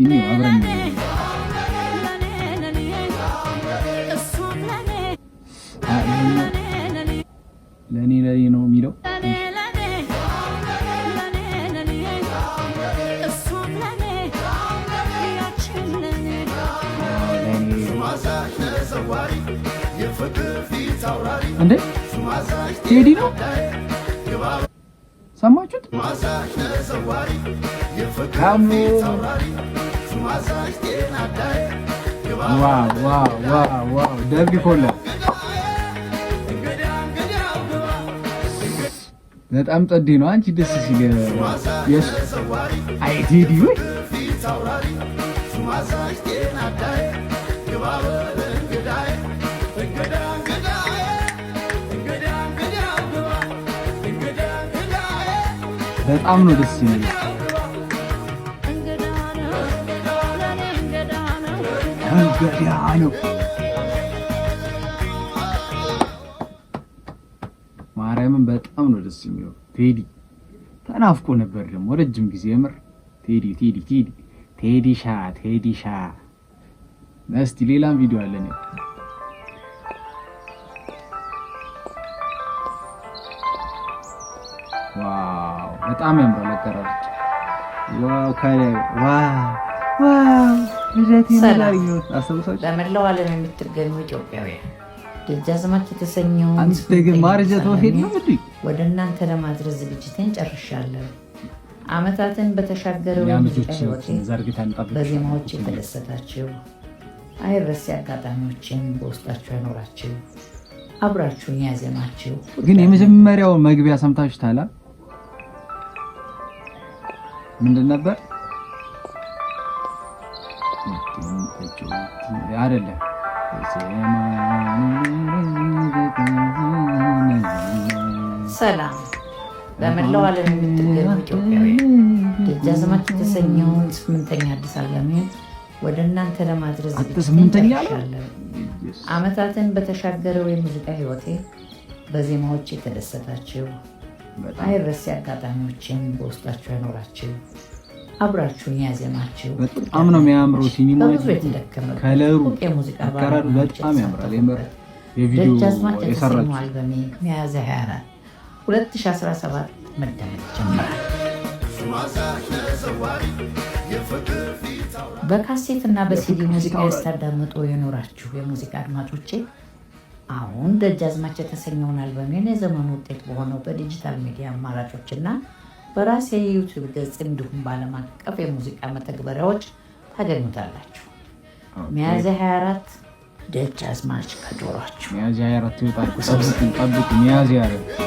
እስቲ አብረን ለእኔ ለእኔ ነው የሚለው እንዴ ቴዲ ነው ሰማችሁት? ደርግ ኮላ በጣም ጠዴ ነው። አንቺ ደስ ሲል አይቴዲ ወይ በጣም ነው ደስ የሚል ገበያ ማርያምን በጣም ነው ደስ የሚለው ቴዲ ተናፍቆ ነበር ደግሞ ረጅም ጊዜ የምር ቴዲ ቴዲ ቴዲ ቴዲ ሻ ቴዲ እስቲ ሌላም ቪዲዮ አለ ነው ዋው፣ በጣም ያምራል አቀራረቡ ዋው፣ ከላይ ዋው በመላው ዓለም የምትገኙ ኢትዮጵያውያን ደጃዝማች የተሰኘውን ወደ እናንተ ለማድረስ ዝግጅቴን ጨርሻለሁ። ዓመታትን በተሻገረው የሙዚቃ በዜማዎች የተደሰታችሁ አይረሴ አጋጣሚዎችን በውስጣችሁ ያኖራችሁ አብራችሁን ያዜማችሁ። ግን የመጀመሪያው መግቢያ ሰምታችሁ ምንድን ነበር? አይደለም ሰላም በመላው ዓለም የምትገኙ ኢትዮጵያውያን ደጃዝማች የተሰኘውን ስምንተኛ አዲስ ዓለምን ወደ እናንተ ለማድረስ ዝግጅትያለን። በተሻገረው የሙዚቃ ህይወቴ በዜማዎች የተደሰታችሁ አይረሴ አጋጣሚዎችን በውስጣችሁ ያኖራችሁ አብራችሁን ያዘማችሁ በጣም ነው የሚያምረው። ሲኒማ ከለሩ አቀራር በጣም ያምራል። አልበሜ ሚያዝያ 24 2017 ጀምራል። በካሴት እና በሲዲ ሙዚቃ የኖራችሁ የሙዚቃ አድማጮቼ አሁን ደጃዝማች የተሰኘውን አልበሜን የዘመኑ ውጤት በሆነው በዲጂታል ሚዲያ አማራጮችና። እና በራሴ የዩቲዩብ ገጽ እንዲሁም በዓለም አቀፍ የሙዚቃ መተግበሪያዎች ታገኙታላችሁ። ሚያዝያ 24 ደጃዝማች ከጆሯችሁ ሚያዝያ 24 ይወጣችሁ። ሰብስክን ጠብቁ። ሚያዝያ 24